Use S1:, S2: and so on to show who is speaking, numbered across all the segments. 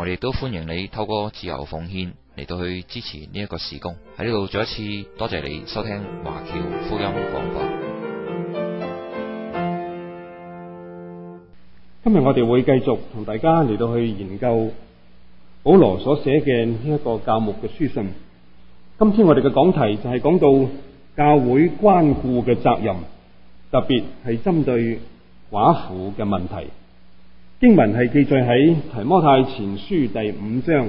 S1: 我哋都歡迎你透過自由奉獻嚟到去支持呢一個事工。喺呢度再一次多謝你收聽華僑福音廣播。今日我哋會繼續同大家嚟到去研究保羅所寫嘅呢一個教牧嘅書信。今天我哋嘅講題就係講到教會關顧嘅責任，特別係針對寡婦嘅問題。經文係記載喺提摩太前書第五章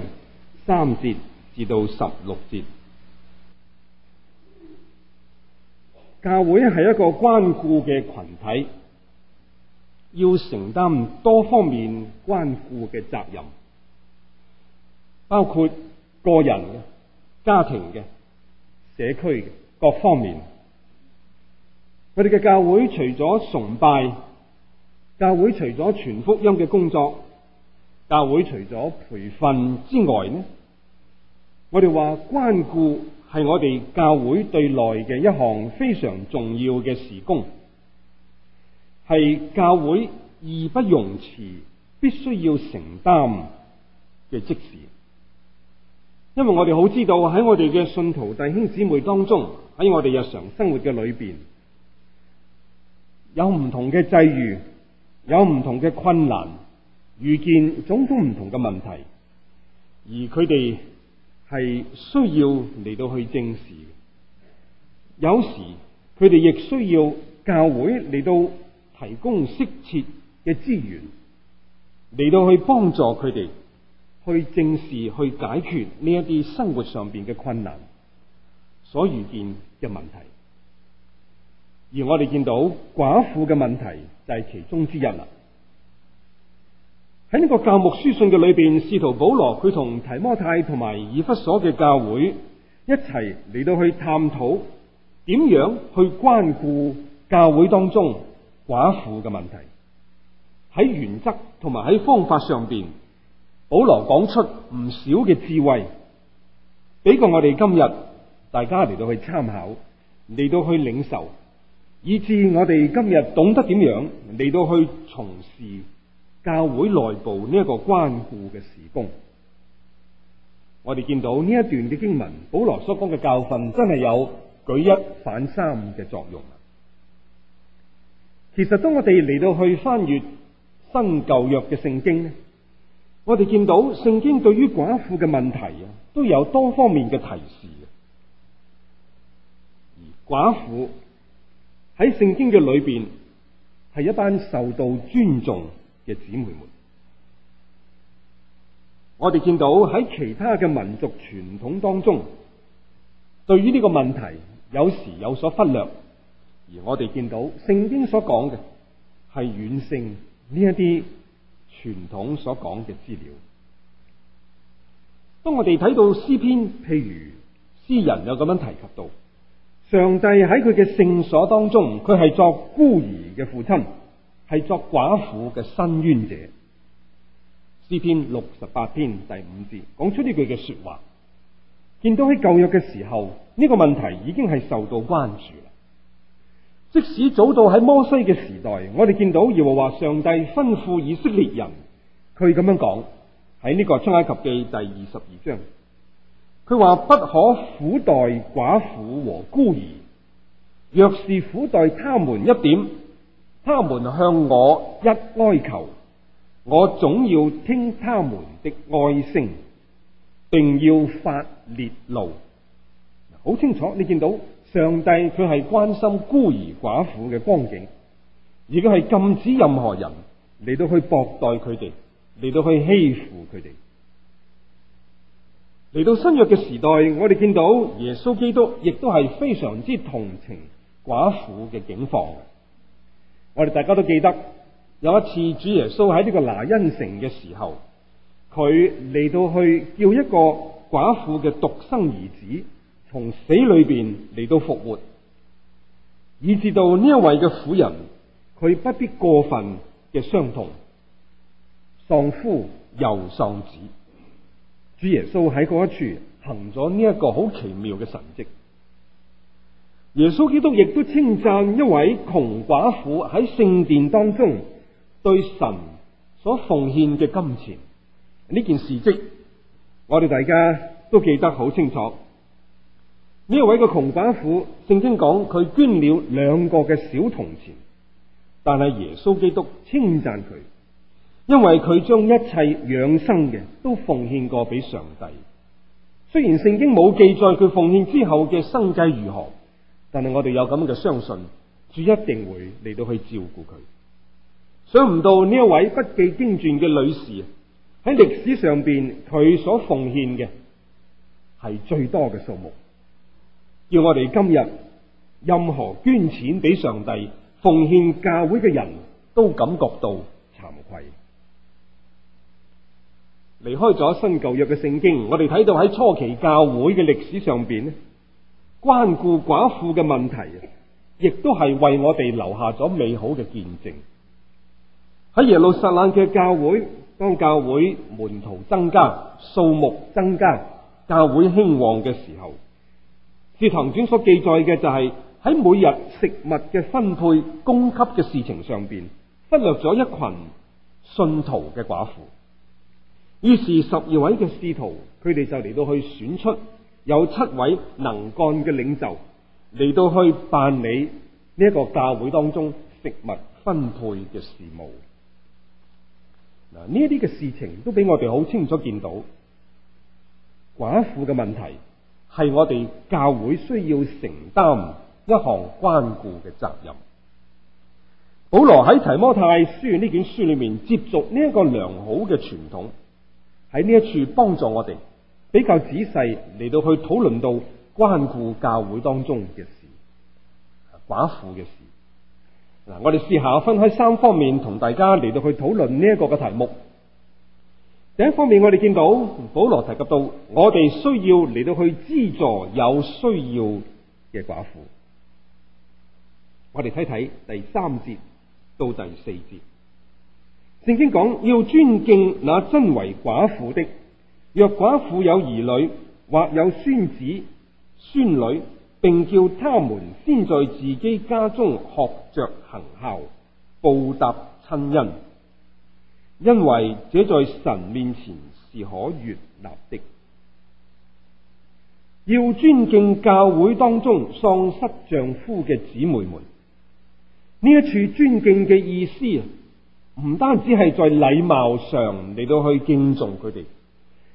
S1: 三節至到十六節。教會係一個關顧嘅群體，要承擔多方面關顧嘅責任，包括個人嘅、家庭嘅、社區嘅各方面。我哋嘅教會除咗崇拜。教會除咗全福音嘅工作，教會除咗培訓之外呢，我哋話關顧係我哋教會對內嘅一項非常重要嘅事工，係教會義不容辭必須要承擔嘅職事。因為我哋好知道喺我哋嘅信徒弟兄姊妹當中，喺我哋日常生活嘅裏邊有唔同嘅際遇。有唔同嘅困難，遇見種種唔同嘅問題，而佢哋係需要嚟到去正視。有時佢哋亦需要教會嚟到提供適切嘅資源，嚟到去幫助佢哋去正視、去解決呢一啲生活上面嘅困難所遇見嘅問題。而我哋見到寡婦嘅問題。就係其中之一啦。喺呢個教牧書信嘅裏邊，使徒保羅佢同提摩太同埋以弗所嘅教會一齊嚟到去探討點樣去關顧教會當中寡婦嘅問題。喺原則同埋喺方法上邊，保羅講出唔少嘅智慧，俾過我哋今日大家嚟到去參考，嚟到去領受。以至我哋今日懂得點樣嚟到去從事教會內部呢一個關顧嘅事工，我哋見到呢一段嘅經文，保羅所講嘅教訓真係有舉一反三嘅作用。其實當我哋嚟到去翻閱新舊約嘅聖經呢，我哋見到聖經對於寡婦嘅問題啊，都有多方面嘅提示嘅，而寡婦。喺聖經嘅裏邊，係一班受到尊重嘅姊妹們。我哋見到喺其他嘅民族傳統當中，對於呢個問題有時有所忽略，而我哋見到聖經所講嘅係遠勝呢一啲傳統所講嘅資料。當我哋睇到詩篇，譬如詩人有咁樣提及到。上帝喺佢嘅聖所當中，佢係作孤兒嘅父親，係作寡婦嘅申冤者。詩篇六十八篇第五節講出呢句嘅說話。見到喺舊約嘅時候，呢個問題已經係受到關注啦。即使早到喺摩西嘅時代，我哋見到耶和華上帝吩咐以色列人，佢咁樣講喺呢個出埃及記第二十二章。佢話不可苦待寡婦和孤兒，若是苦待他們一點，他們向我一哀求，我總要聽他們的哀聲，並要發烈怒。好清楚，你見到上帝佢係關心孤兒寡婦嘅光景，而佢係禁止任何人嚟到去薄待佢哋，嚟到去欺負佢哋。嚟到新約嘅時代，我哋見到耶穌基督亦都係非常之同情寡婦嘅境況。我哋大家都記得有一次，主耶穌喺呢個拿因城嘅時候，佢嚟到去叫一個寡婦嘅獨生兒子從死裏邊嚟到復活，以至到呢一位嘅婦人，佢不必過分嘅傷痛，喪夫又喪子。主耶穌喺嗰一處行咗呢一個好奇妙嘅神蹟。耶穌基督亦都稱讚一位窮寡婦喺聖殿當中對神所奉獻嘅金錢。呢件事跡，我哋大家都記得好清楚。呢一位嘅窮寡婦聖經講佢捐了兩個嘅小銅錢，但係耶穌基督稱讚佢。因為佢將一切養生嘅都奉獻過俾上帝。雖然聖經冇記載佢奉獻之後嘅生計如何，但係我哋有咁嘅相信，主一定會嚟到去照顧佢。想唔到呢一位不記經傳嘅女士喺歷史上邊，佢所奉獻嘅係最多嘅數目，叫我哋今日任何捐錢俾上帝奉獻教會嘅人都感覺到慚愧。離開咗新舊約嘅聖經，我哋睇到喺初期教會嘅歷史上邊咧，關顧寡婦嘅問題，亦都係為我哋留下咗美好嘅見證。喺耶路撒冷嘅教會，當教會門徒增加、數目增加、教會興旺嘅時候，使徒行傳所記載嘅就係、是，喺每日食物嘅分配、供給嘅事情上邊，忽略咗一群信徒嘅寡婦。於是十二位嘅使徒，佢哋就嚟到去選出有七位能幹嘅領袖嚟到去辦理呢一個教會當中食物分配嘅事務。嗱，呢一啲嘅事情都俾我哋好清楚見到，寡婦嘅問題係我哋教會需要承擔一項關顧嘅責任。保羅喺提摩太書呢卷書裏面，接續呢一個良好嘅傳統。喺呢一處幫助我哋比較仔細嚟到去討論到關顧教會當中嘅事寡婦嘅事。嗱，我哋試下分開三方面同大家嚟到去討論呢一個嘅題目。第一方面我哋見到保羅提及到我哋需要嚟到去資助有需要嘅寡婦，我哋睇睇第三節到第四節。正經講，要尊敬那真為寡婦的，若寡婦有兒女或有孫子孫女，並叫他們先在自己家中學着行孝，報答親恩，因為這在神面前是可悅納的。要尊敬教會當中喪失丈夫嘅姊妹們，呢一處尊敬嘅意思唔單止係在禮貌上嚟到去敬重佢哋，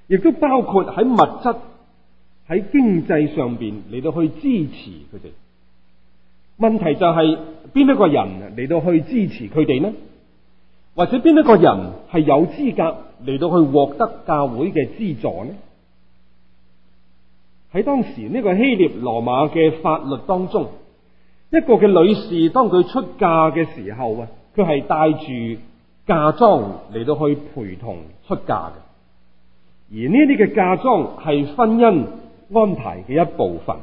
S1: 亦都包括喺物質、喺經濟上邊嚟到去支持佢哋。問題就係、是、邊一個人嚟到去支持佢哋呢？或者邊一個人係有資格嚟到去獲得教會嘅資助呢？喺當時呢個希臘羅馬嘅法律當中，一個嘅女士當佢出嫁嘅時候啊，佢係帶住。嫁妝嚟到去陪同出嫁嘅，而呢啲嘅嫁妝係婚姻安排嘅一部分。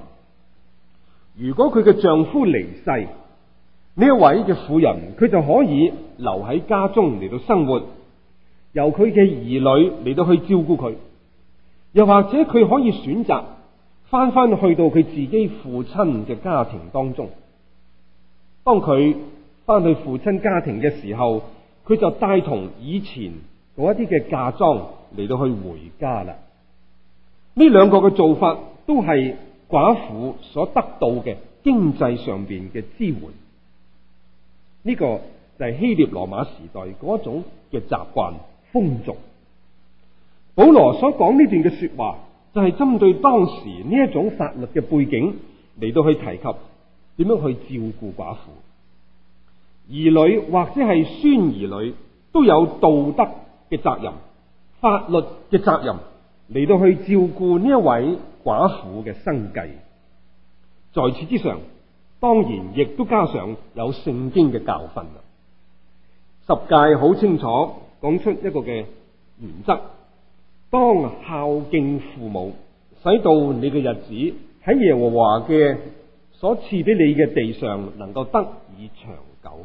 S1: 如果佢嘅丈夫離世，呢位嘅婦人佢就可以留喺家中嚟到生活，由佢嘅兒女嚟到去照顧佢，又或者佢可以選擇翻翻去到佢自己父親嘅家庭當中。當佢翻去父親家庭嘅時候，佢就帶同以前嗰一啲嘅嫁妝嚟到去回家啦。呢兩個嘅做法都係寡婦所得到嘅經濟上邊嘅支援。呢個就係希臘羅馬時代嗰一種嘅習慣風俗。保羅所講呢段嘅說話就係針對當時呢一種法律嘅背景嚟到去提及點樣去照顧寡婦。兒女或者係孫兒女都有道德嘅責任、法律嘅責任嚟到去照顧呢一位寡婦嘅生計。在此之上，當然亦都加上有聖經嘅教訓。十誡好清楚講出一個嘅原則：當孝敬父母，使到你嘅日子喺耶和華嘅所賜俾你嘅地上能夠得以長久。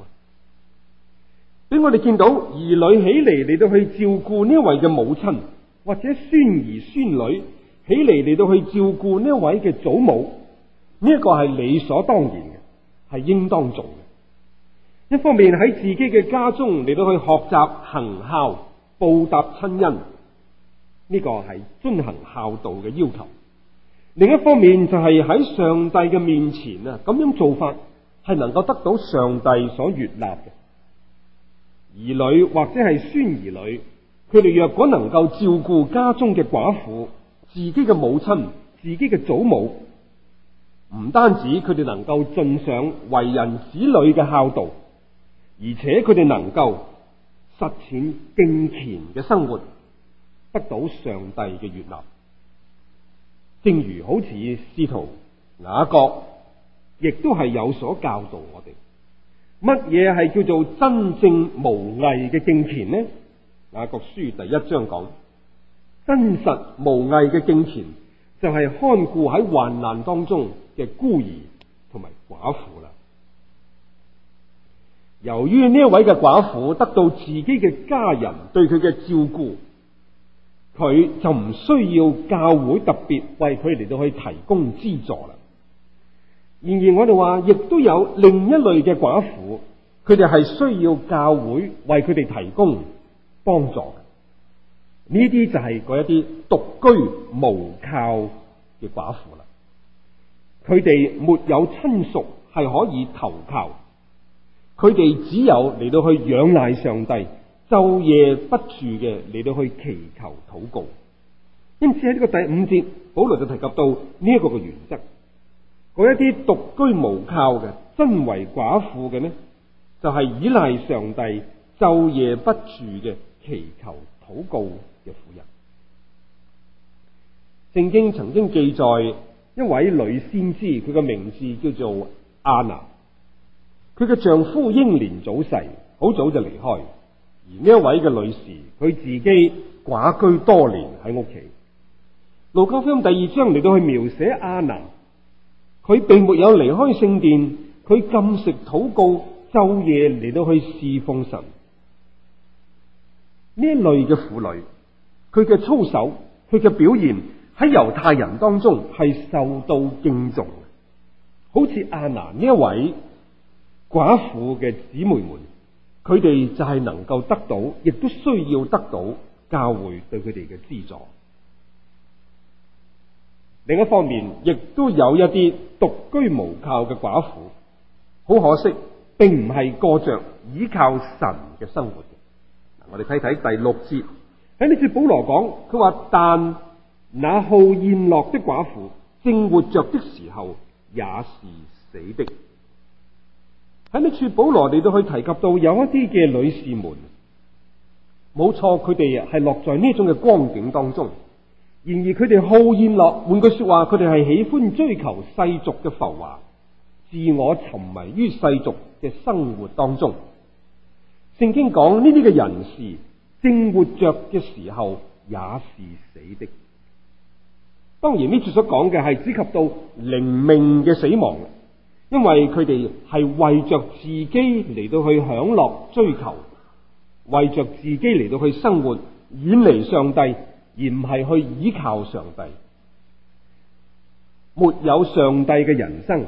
S1: 我哋見到兒女起嚟，嚟到去照顧呢一位嘅母親，或者孫兒孫女起嚟，嚟到去照顧呢一位嘅祖母，呢一個係理所當然嘅，係應當做嘅。一方面喺自己嘅家中嚟到去學習行孝報答親恩，呢個係遵行孝道嘅要求；另一方面就係喺上帝嘅面前啊，咁樣做法係能夠得到上帝所悅納嘅。兒女或者係孫兒女，佢哋若果能夠照顧家中嘅寡婦、自己嘅母親、自己嘅祖母，唔單止佢哋能夠盡上為人子女嘅孝道，而且佢哋能夠實踐敬虔嘅生活，得到上帝嘅悅納。正如好似司徒雅各，亦都係有所教導我哋。乜嘢係叫做真正無藝嘅敬虔呢？嗱，雅各書第一章講，真實無藝嘅敬虔就係看顧喺患難當中嘅孤兒同埋寡婦啦。由於呢一位嘅寡婦得到自己嘅家人對佢嘅照顧，佢就唔需要教會特別為佢哋都可以提供資助啦。然而我哋話，亦都有另一類嘅寡婦，佢哋係需要教會為佢哋提供幫助。呢啲就係嗰一啲獨居無靠嘅寡婦啦。佢哋沒有親屬係可以投靠，佢哋只有嚟到去仰賴上帝，晝夜不住嘅嚟到去祈求禱告。因此喺呢個第五節，保羅就提及到呢一個嘅原則。嗰一啲獨居無靠嘅，真為寡婦嘅呢，就係、是、依賴上帝晝夜不住嘅祈求禱告嘅婦人。聖經曾經記載一位女先知，佢嘅名字叫做阿娜。佢嘅丈夫英年早逝，好早就離開，而呢一位嘅女士，佢自己寡居多年喺屋企。路加福音第二章嚟到去描寫阿娜。佢並沒有離開聖殿，佢禁食禱告，晝夜嚟到去侍奉神。呢一類嘅婦女，佢嘅操守，佢嘅表現喺猶太人當中係受到敬重。好似亞拿呢一位寡婦嘅姊妹們，佢哋就係能夠得到，亦都需要得到教會對佢哋嘅資助。另一方面，亦都有一啲獨居無靠嘅寡婦，好可惜，並唔係過着依靠神嘅生活。嗱，我哋睇睇第六節，喺呢處保羅講，佢話，但那好宴樂的寡婦正活着的時候也是死的。喺呢處保羅嚟都去提及到有一啲嘅女士們，冇錯，佢哋係落在呢種嘅光景當中。然而佢哋好宴樂，換句說話，佢哋係喜歡追求世俗嘅浮華，自我沉迷於世俗嘅生活當中。聖經講呢啲嘅人士正活着嘅時候也是死的。當然呢次所講嘅係只及到靈命嘅死亡，因為佢哋係為着自己嚟到去享樂追求，為着自己嚟到去生活，遠離上帝。而唔係去依靠上帝，沒有上帝嘅人生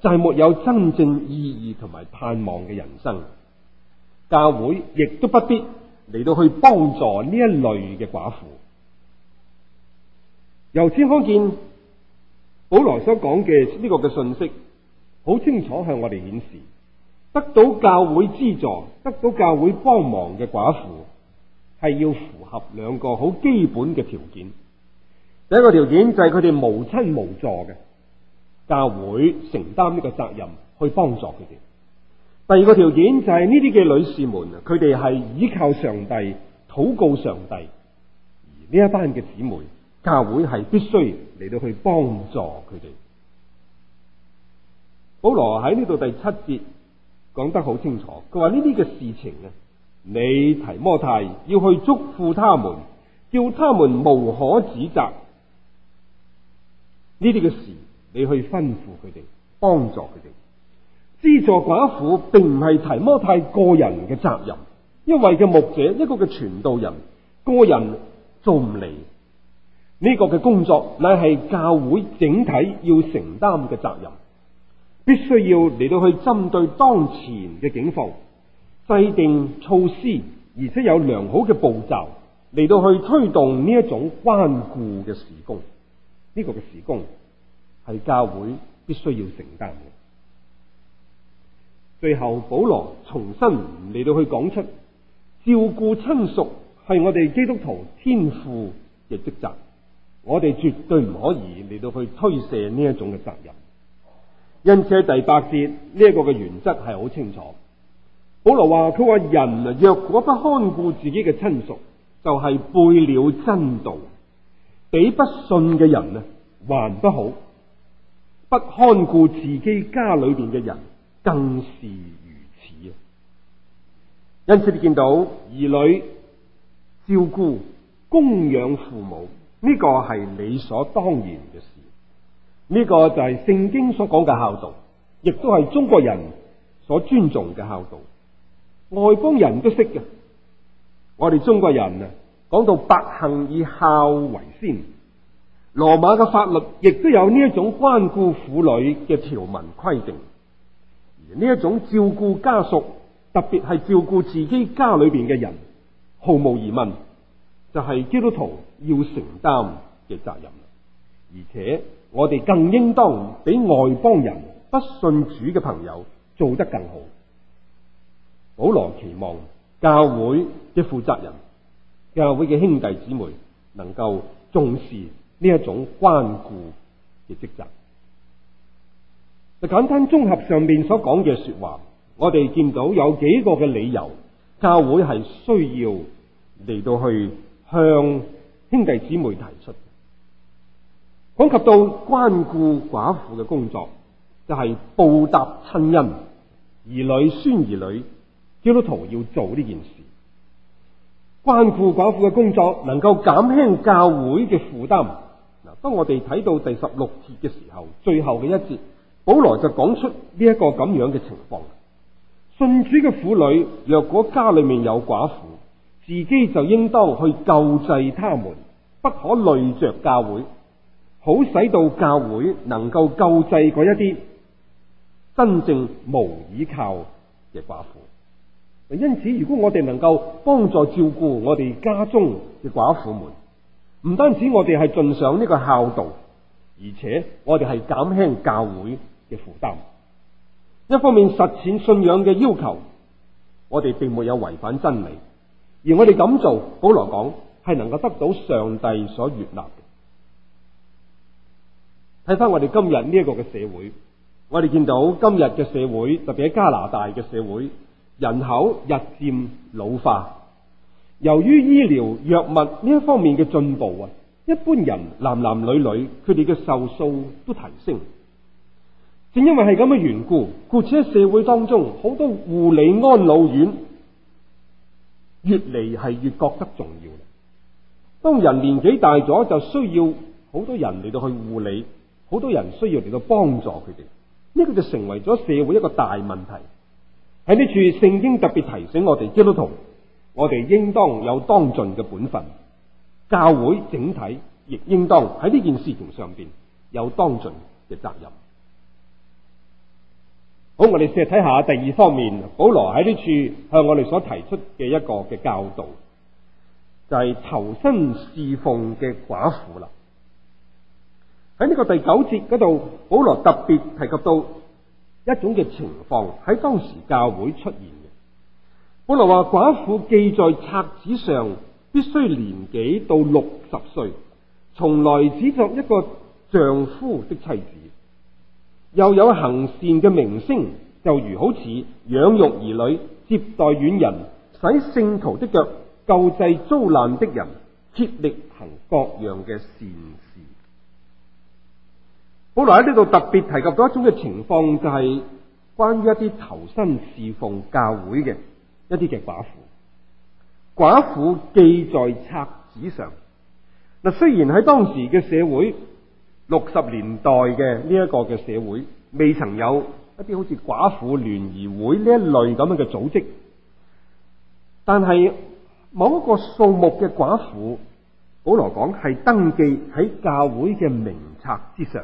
S1: 就係沒有真正意義同埋盼望嘅人生。教會亦都不必嚟到去幫助呢一類嘅寡婦，由此可見保羅所講嘅呢個嘅信息好清楚向我哋顯示，得到教會資助、得到教會幫忙嘅寡婦係要符合兩個好基本嘅條件。第一個條件就係佢哋無親無助嘅，教會承擔呢個責任去幫助佢哋。第二個條件就係呢啲嘅女士們，佢哋係依靠上帝禱告上帝。而呢一班嘅姊妹，教會係必須嚟到去幫助佢哋。保羅喺呢度第七節講得好清楚，佢話呢啲嘅事情啊。你提摩太要去囑咐他們，叫他們無可指責呢啲嘅事，你去吩咐佢哋，幫助佢哋，資助寡婦，並唔係提摩太個人嘅責任，因為嘅牧者一個嘅傳道人個人做唔嚟，呢個嘅工作，乃係教會整體要承擔嘅責任，必須要嚟到去針對當前嘅境況。制定措施，而且有良好嘅步驟嚟到去推動呢一種關顧嘅事工。呢、這個嘅事工係教會必須要承擔嘅。最後保羅重新嚟到去講出，照顧親屬係我哋基督徒天賦嘅職責，我哋絕對唔可以嚟到去推卸呢一種嘅責任。因此喺第八節呢一、這個嘅原則係好清楚。保羅話：佢話人啊，若果不看顧自己嘅親屬，就係、是、背了真道。比不信嘅人呢，還不好；不看顧自己家裏邊嘅人，更是如此啊！因此，你見到兒女照顧、供養父母，呢、這個係理所當然嘅事。呢、這個就係聖經所講嘅孝道，亦都係中國人所尊重嘅孝道。外邦人都識嘅，我哋中國人啊，講到百行以孝為先，羅馬嘅法律亦都有呢一種關顧婦女嘅條文規定，而呢一種照顧家屬，特別係照顧自己家裏邊嘅人，毫無疑問就係基督徒要承擔嘅責任，而且我哋更應當比外邦人不信主嘅朋友做得更好。保羅期望教會嘅負責人、教會嘅兄弟姊妹能夠重視呢一種關顧嘅職責。就簡單綜合上面所講嘅說話，我哋見到有幾個嘅理由，教會係需要嚟到去向兄弟姊妹提出。講及到關顧寡婦嘅工作，就係報答親恩、兒女、孫兒女。基督徒要做呢件事，關顧寡婦嘅工作能夠減輕教會嘅負擔。嗱，當我哋睇到第十六節嘅時候，最後嘅一節，保羅就講出呢一個咁樣嘅情況。信主嘅婦女，若果家裏面有寡婦，自己就應當去救濟他們，不可累着教會，好使到教會能夠救濟一啲真正無依靠嘅寡婦。因此，如果我哋能夠幫助照顧我哋家中嘅寡婦們，唔單止我哋係盡上呢個孝道，而且我哋係減輕教會嘅負擔。一方面實踐信仰嘅要求，我哋並沒有違反真理，而我哋咁做，保羅講係能夠得到上帝所悅納嘅。睇翻我哋今日呢個嘅社會，我哋見到今日嘅社會，特別喺加拿大嘅社會。人口日漸老化，由於醫療藥物呢一方面嘅進步啊，一般人男男女女佢哋嘅壽數都提升。正因為係咁嘅緣故，故此喺社會當中，好多護理安老院越嚟係越覺得重要。當人年紀大咗，就需要好多人嚟到去護理，好多人需要嚟到幫助佢哋，呢個就成為咗社會一個大問題。喺呢處聖經特別提醒我哋基督徒，我哋應當有當盡嘅本分，教會整體亦應當喺呢件事情上邊有當盡嘅責任。好，我哋試睇下第二方面，保羅喺呢處向我哋所提出嘅一個嘅教導，就係投身侍奉嘅寡婦啦。喺呢個第九節嗰度，保羅特別提及到。一種嘅情況喺當時教會出現嘅。本嚟話寡婦記在冊子上，必須年紀到六十歲，從來只作一個丈夫的妻子，又有行善嘅名聲，就如好似養育兒女、接待遠人、洗聖徒的腳，救濟遭難的人，竭力行各樣嘅善事。好啦，喺呢度特別提及到一種嘅情況，就係關於一啲投身侍奉教會嘅一啲嘅寡婦。寡婦記在冊子上嗱，雖然喺當時嘅社會六十年代嘅呢一個嘅社會，未曾有一啲好似寡婦聯誼會呢一類咁樣嘅組織，但係某一個數目嘅寡婦，保羅講係登記喺教會嘅名冊之上。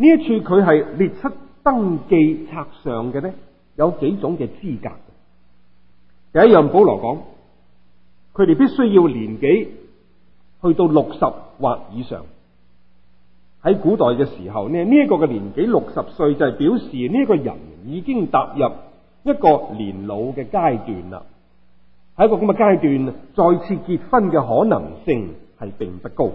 S1: 呢一處佢係列出登記冊上嘅呢，有幾種嘅資格。第一樣，保羅講，佢哋必須要年紀去到六十或以上。喺古代嘅時候咧，呢一個嘅年紀六十歲就係表示呢個人已經踏入一個年老嘅階段啦。喺一個咁嘅階段，再次結婚嘅可能性係並不高。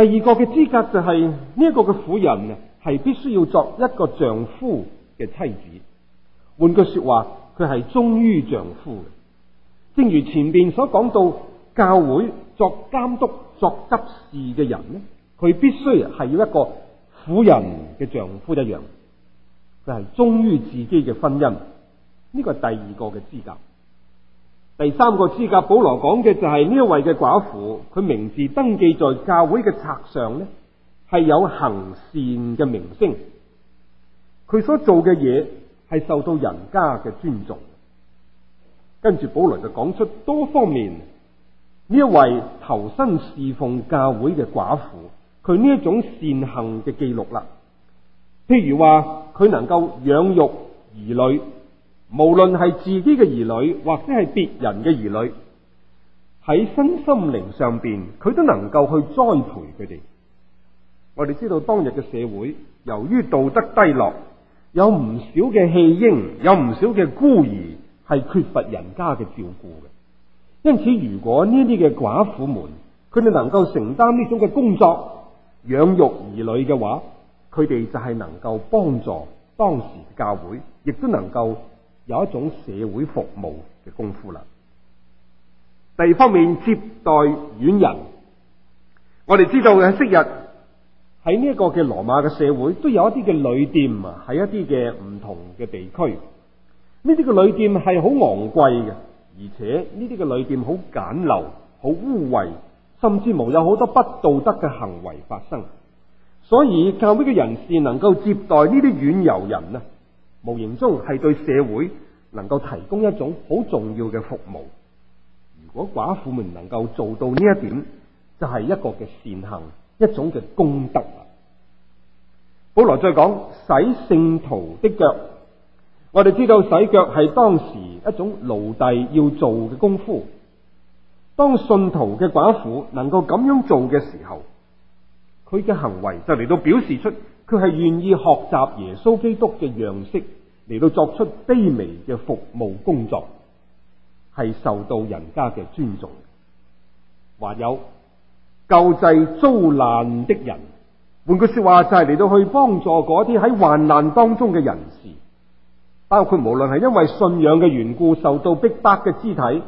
S1: 第二個嘅資格就係呢一個嘅婦人啊，係必須要作一個丈夫嘅妻子。換句說話，佢係忠於丈夫嘅。正如前面所講到，教會作監督、作執事嘅人咧，佢必須係要一個婦人嘅丈夫一樣，佢係忠於自己嘅婚姻。呢、這個係第二個嘅資格。第三個資格，保羅講嘅就係呢一位嘅寡婦，佢名字登記在教會嘅冊上呢，係有行善嘅名聲，佢所做嘅嘢係受到人家嘅尊重。跟住保羅就講出多方面，呢一位投身侍奉教會嘅寡婦，佢呢一種善行嘅記錄啦。譬如話，佢能夠養育兒女。無論係自己嘅兒女，或者係別人嘅兒女，喺身心靈上邊，佢都能夠去栽培佢哋。我哋知道當日嘅社會，由於道德低落，有唔少嘅棄嬰，有唔少嘅孤兒係缺乏人家嘅照顧嘅。因此，如果呢啲嘅寡婦們，佢哋能夠承擔呢種嘅工作，養育兒女嘅話，佢哋就係能夠幫助當時教會，亦都能夠，有一種社會服務嘅功夫啦。第二方面，接待遠人，我哋知道喺昔日喺呢一個嘅羅馬嘅社會，都有一啲嘅旅店啊，喺一啲嘅唔同嘅地區。呢啲嘅旅店係好昂貴嘅，而且呢啲嘅旅店好簡陋、好污穢，甚至無有好多不道德嘅行為發生。所以教會嘅人士能夠接待呢啲遠遊人啊。無形中係對社會能夠提供一種好重要嘅服務。如果寡婦們能夠做到呢一點，就係、是、一個嘅善行，一種嘅功德啊！好，來再講洗聖徒的腳。我哋知道洗腳係當時一種奴隸要做嘅功夫。當信徒嘅寡婦能夠咁樣做嘅時候，佢嘅行為就嚟到表示出。佢係願意學習耶穌基督嘅樣式嚟到作出卑微嘅服務工作，係受到人家嘅尊重。還有救濟遭難的人，換句說話就係嚟到去幫助嗰啲喺患難當中嘅人士，包括無論係因為信仰嘅緣故受到逼迫嘅肢體，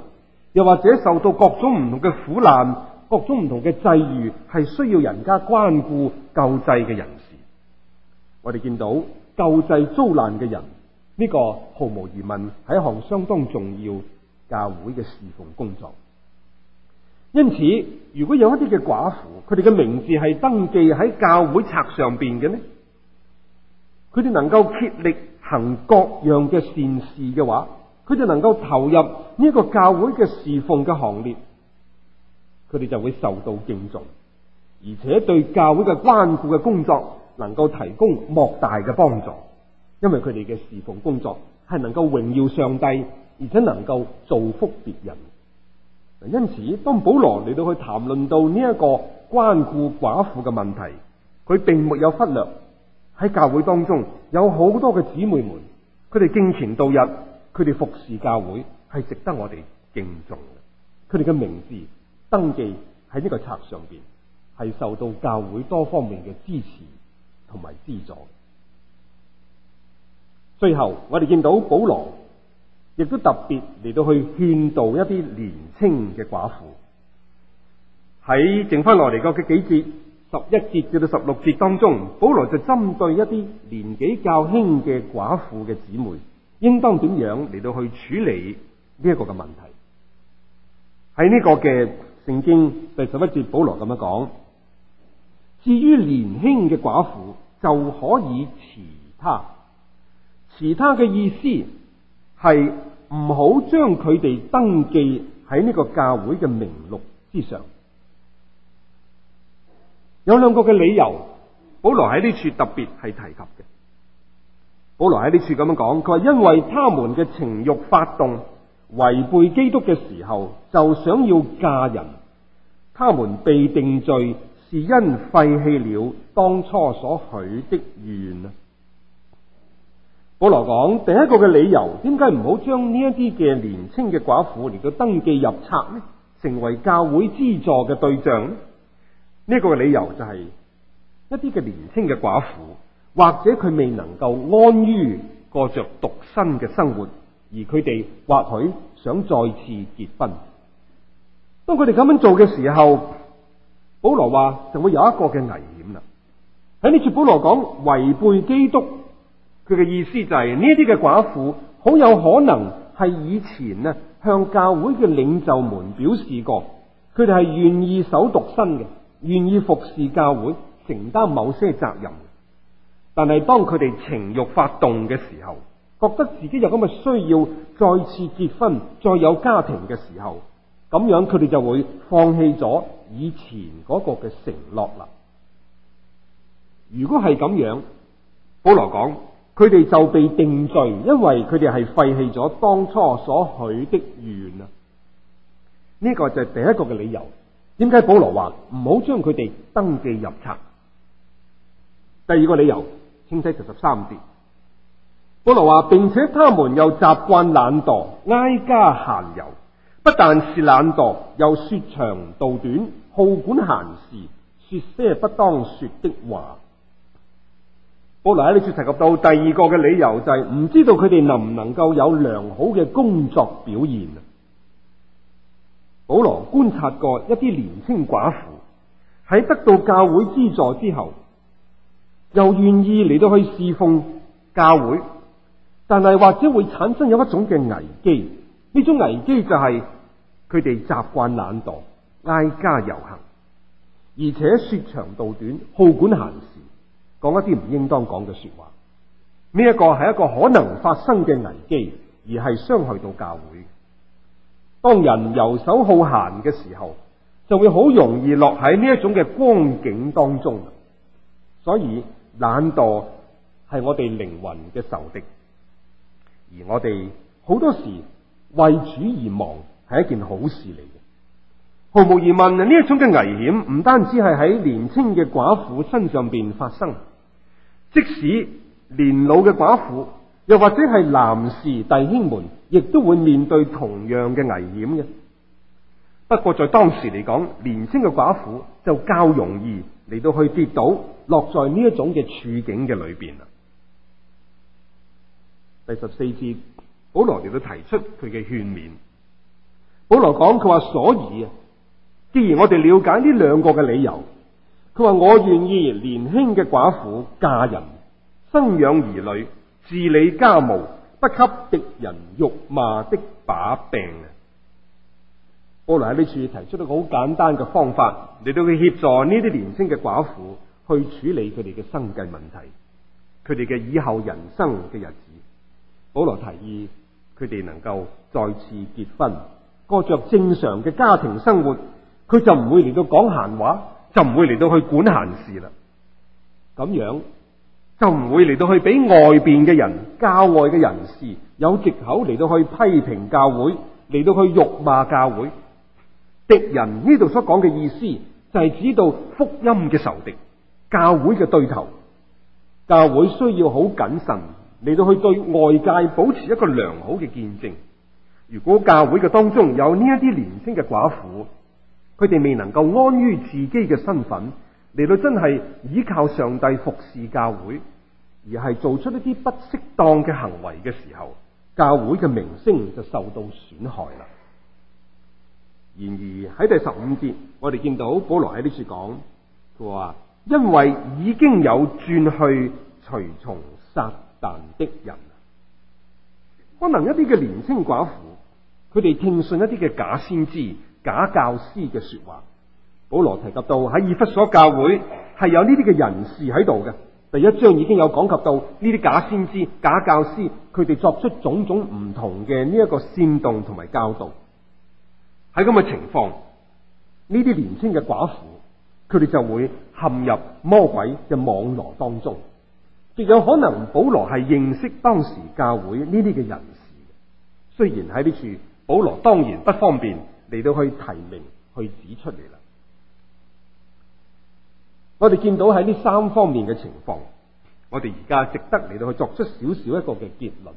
S1: 又或者受到各種唔同嘅苦難、各種唔同嘅際遇，係需要人家關顧救濟嘅人士。我哋見到救濟遭難嘅人，呢個毫無疑問係一項相當重要教會嘅侍奉工作。因此，如果有一啲嘅寡婦，佢哋嘅名字係登記喺教會冊上邊嘅呢，佢哋能夠竭力行各樣嘅善事嘅話，佢哋能夠投入呢個教會嘅侍奉嘅行列，佢哋就會受到敬重，而且對教會嘅關顧嘅工作。能夠提供莫大嘅幫助，因為佢哋嘅侍奉工作係能夠榮耀上帝，而且能夠造福別人。因此，當保羅嚟到去談論到呢一個關顧寡婦嘅問題，佢並沒有忽略喺教會當中有好多嘅姊妹們，佢哋敬虔度日，佢哋服侍教會係值得我哋敬重嘅。佢哋嘅名字登記喺呢個冊上邊，係受到教會多方面嘅支持。同埋資助。最後我哋見到保羅亦都特別嚟到去勸導一啲年輕嘅寡婦。喺剩翻落嚟嘅幾節，十一節至到十六節當中，保羅就針對一啲年紀較輕嘅寡婦嘅姊妹，應當點樣嚟到去處理呢一個嘅問題。喺呢個嘅聖經第十一節，保羅咁樣講：至於年輕嘅寡婦。就可以辭他，辭他嘅意思係唔好將佢哋登記喺呢個教會嘅名錄之上。有兩個嘅理由，保羅喺呢處特別係提及嘅。保羅喺呢處咁樣講，佢話因為他們嘅情慾發動違背基督嘅時候，就想要嫁人，他們被定罪是因廢棄了，當初所許的願啊！保羅講第一個嘅理由，點解唔好將呢一啲嘅年輕嘅寡婦，嚟到登記入冊呢？成為教會資助嘅對象。呢一個嘅理由就係一啲嘅年輕嘅寡婦，或者佢未能夠安於過着獨身嘅生活，而佢哋或許想再次結婚。當佢哋咁樣做嘅時候，保羅話就會有一個嘅危。喺呢次保羅講違背基督，佢嘅意思就係呢啲嘅寡婦好有可能係以前呢，向教會嘅領袖們表示過，佢哋係願意守獨身嘅，願意服侍教會，承擔某些責任。但係當佢哋情慾發動嘅時候，覺得自己有咁嘅需要，再次結婚，再有家庭嘅時候，咁樣佢哋就會放棄咗以前嗰個嘅承諾啦。如果係咁樣，保羅講佢哋就被定罪，因為佢哋係廢棄咗當初所許的願啊。呢、這個就係第一個嘅理由。點解保羅話唔好將佢哋登記入冊？第二個理由，清西第十三節，保羅話，並且他們又習慣懶惰，挨家閒遊。不但是懶惰，又說長道短，好管閒事，說些不當說的話。保羅喺呢次提及到第二個嘅理由就係唔知道佢哋能唔能夠有良好嘅工作表現。保羅觀察過一啲年輕寡婦喺得到教會資助之後，又願意嚟到去侍奉教會，但係或者會產生有一種嘅危機。呢種危機就係佢哋習慣懶惰，挨家遊行，而且說長道短，好管閒事。講一啲唔應當講嘅說話，呢一個係一個可能發生嘅危機，而係傷害到教會。當人游手好閒嘅時候，就會好容易落喺呢一種嘅光景當中。所以懶惰係我哋靈魂嘅仇敵，而我哋好多時為主而忙，係一件好事嚟嘅，毫無疑問，呢一種嘅危險唔單止係喺年輕嘅寡婦身上邊發生。即使年老嘅寡婦，又或者係男士弟兄們，亦都會面對同樣嘅危險嘅。不過在當時嚟講，年輕嘅寡婦就較容易嚟到去跌倒，落在呢一種嘅處境嘅裏邊啦。第十四節，保羅亦都提出佢嘅勸勉。保羅講，佢話所以啊，既然我哋了解呢兩個嘅理由。佢話：我願意年輕嘅寡婦嫁人，生養兒女，治理家務，不給敵人辱罵的把柄。啊，保羅喺呢處提出一個好簡單嘅方法嚟到去協助呢啲年輕嘅寡婦去處理佢哋嘅生計問題，佢哋嘅以後人生嘅日子。保羅提議佢哋能夠再次結婚，過着正常嘅家庭生活，佢就唔會嚟到講閒話。就唔會嚟到去管閒事啦，咁樣就唔會嚟到去俾外邊嘅人、教外嘅人士有藉口嚟到去批評教會、嚟到去辱罵教會。敵人呢度所講嘅意思，就係指到福音嘅仇敵、教會嘅對頭。教會需要好謹慎嚟到去對外界保持一個良好嘅見證。如果教會嘅當中有呢一啲年輕嘅寡婦，佢哋未能夠安於自己嘅身份，嚟到真係依靠上帝服侍教會，而係做出一啲不適當嘅行為嘅時候，教會嘅名聲就受到損害啦。然而喺第十五節，我哋見到保羅喺呢處講，佢話因為已經有轉去隨從撒旦的人，可能一啲嘅年輕寡婦，佢哋聽信一啲嘅假先知。假教師嘅說話，保羅提及到喺以弗所教會係有呢啲嘅人士喺度嘅。第一章已經有講及到呢啲假先知、假教師，佢哋作出種種唔同嘅呢一個煽動同埋教導。喺咁嘅情況，呢啲年輕嘅寡婦，佢哋就會陷入魔鬼嘅網羅當中，亦有可能保羅係認識當時教會呢啲嘅人士。雖然喺呢處保羅當然不方便。嚟到去提名去指出嚟啦。我哋見到喺呢三方面嘅情況，我哋而家值得嚟到去作出少少一個嘅結論。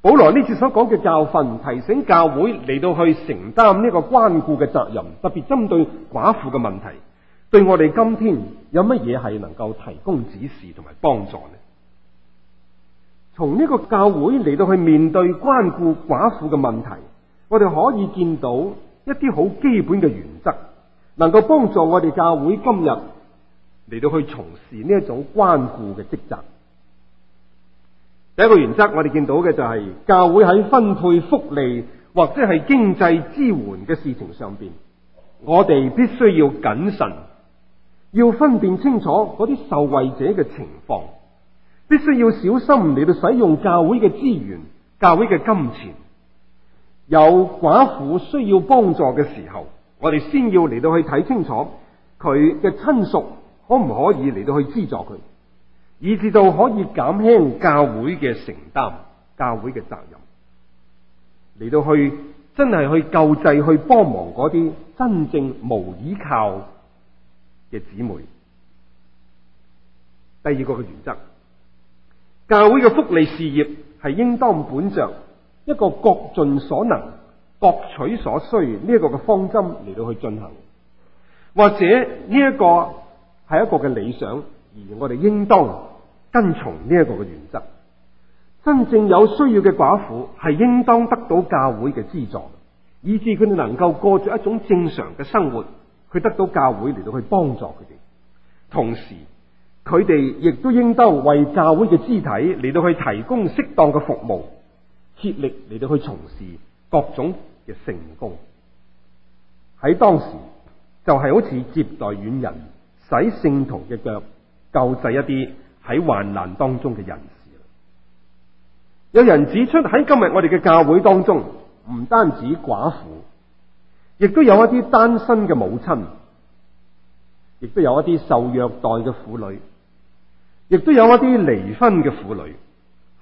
S1: 保羅呢次所講嘅教訓，提醒教會嚟到去承擔呢個關顧嘅責任，特別針對寡婦嘅問題，對我哋今天有乜嘢係能夠提供指示同埋幫助呢？從呢個教會嚟到去面對關顧寡婦嘅問題。我哋可以見到一啲好基本嘅原則，能夠幫助我哋教會今日嚟到去從事呢一種關顧嘅職責。第一個原則，我哋見到嘅就係、是、教會喺分配福利或者係經濟支援嘅事情上面，我哋必須要謹慎，要分辨清楚嗰啲受惠者嘅情況，必須要小心嚟到使用教會嘅資源、教會嘅金錢。有寡婦需要幫助嘅時候，我哋先要嚟到去睇清楚佢嘅親屬可唔可以嚟到去資助佢，以至到可以減輕教會嘅承擔、教會嘅責任，嚟到去真係去救濟、去幫忙嗰啲真正無依靠嘅姊妹。第二個嘅原則，教會嘅福利事業係應當本着。一個各盡所能、各取所需呢一個嘅方針嚟到去進行，或者呢一個係一個嘅理想，而我哋應當跟從呢一個嘅原則。真正有需要嘅寡婦係應當得到教會嘅資助，以至佢哋能夠過住一種正常嘅生活。佢得到教會嚟到去幫助佢哋，同時佢哋亦都應當為教會嘅肢體嚟到去提供適當嘅服務。竭力嚟到去從事各種嘅聖工，喺當時就係、是、好似接待遠人、洗聖徒嘅腳、救濟一啲喺患難當中嘅人士。有人指出喺今日我哋嘅教會當中，唔單止寡婦，亦都有一啲單身嘅母親，亦都有一啲受虐待嘅婦女，亦都有一啲離婚嘅婦女。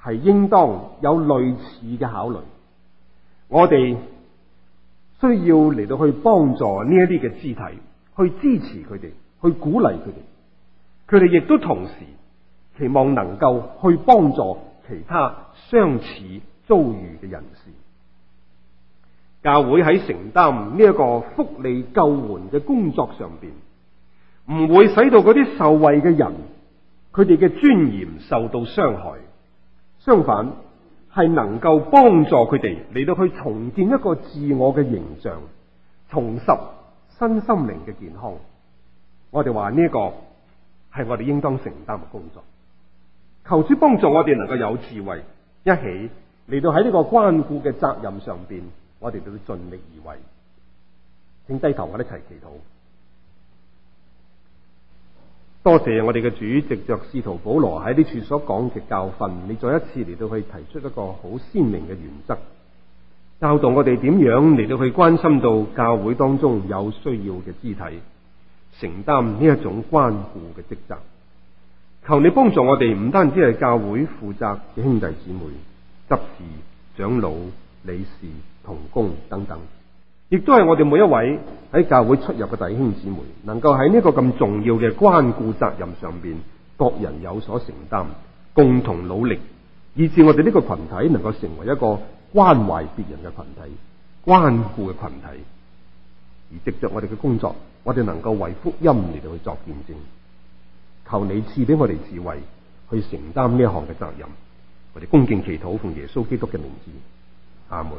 S1: 係應當有類似嘅考慮，我哋需要嚟到去幫助呢一啲嘅肢體，去支持佢哋，去鼓勵佢哋。佢哋亦都同時期望能夠去幫助其他相似遭遇嘅人士。教會喺承擔呢一個福利救援嘅工作上面，唔會使到嗰啲受惠嘅人佢哋嘅尊嚴受到傷害。相反，係能夠幫助佢哋嚟到去重建一個自我嘅形象，重拾身心靈嘅健康。我哋話呢個係我哋應當承擔嘅工作。求主幫助我哋能夠有智慧，一起嚟到喺呢個關顧嘅責任上邊，我哋都會盡力而為。請低頭，我哋一齊祈禱。多謝我哋嘅主席，藉使徒保羅喺呢處所講嘅教訓，你再一次嚟到去提出一個好鮮明嘅原則，教導我哋點樣嚟到去關心到教會當中有需要嘅肢體，承擔呢一種關顧嘅職責。求你幫助我哋，唔單止係教會負責嘅兄弟姊妹、執事、長老、理事、同工等等。亦都係我哋每一位喺教會出入嘅弟兄姊妹，能夠喺呢個咁重要嘅關顧責任上邊，各人有所承擔，共同努力，以至我哋呢個群體能夠成為一個關懷別人嘅群體、關顧嘅群體，而藉着我哋嘅工作，我哋能夠為福音嚟到去作見證。求你賜俾我哋智慧去承擔呢一項嘅責任，我哋恭敬祈禱奉耶穌基督嘅名字，阿門。